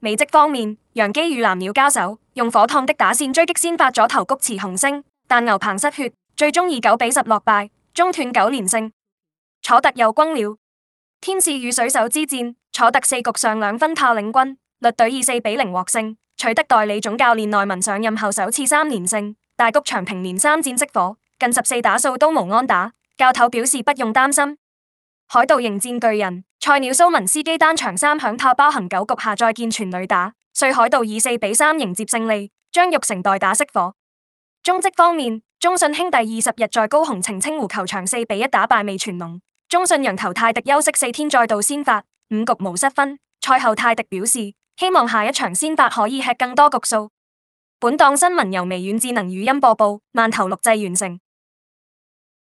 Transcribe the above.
美積方面，洋基與藍鳥交手，用火燙的打線追擊先發左投菊池雄星，但牛棚失血，最終以九比十落敗，中斷九連勝。楚特又轟了，天使與水手之戰，楚特四局上兩分炮領軍，率隊以四比零獲勝，取得代理總教練內文上任後首次三連勝。大谷翔平連三戰熄火，近十四打數都無安打，教頭表示不用擔心。海盜迎戰巨人。菜鳥蘇文斯基單場三響炮包含九局下再見全壘打，瑞海盜以四比三迎接勝利。張玉成代打熄火。中職方面，中信兄弟二十日在高雄澄清湖球場四比一打敗味全龍。中信洋投泰迪休息四天再度先發，五局無失分。賽後泰迪表示，希望下一場先發可以吃更多局數。本檔新聞由微軟智能語音播報，慢頭錄製完成。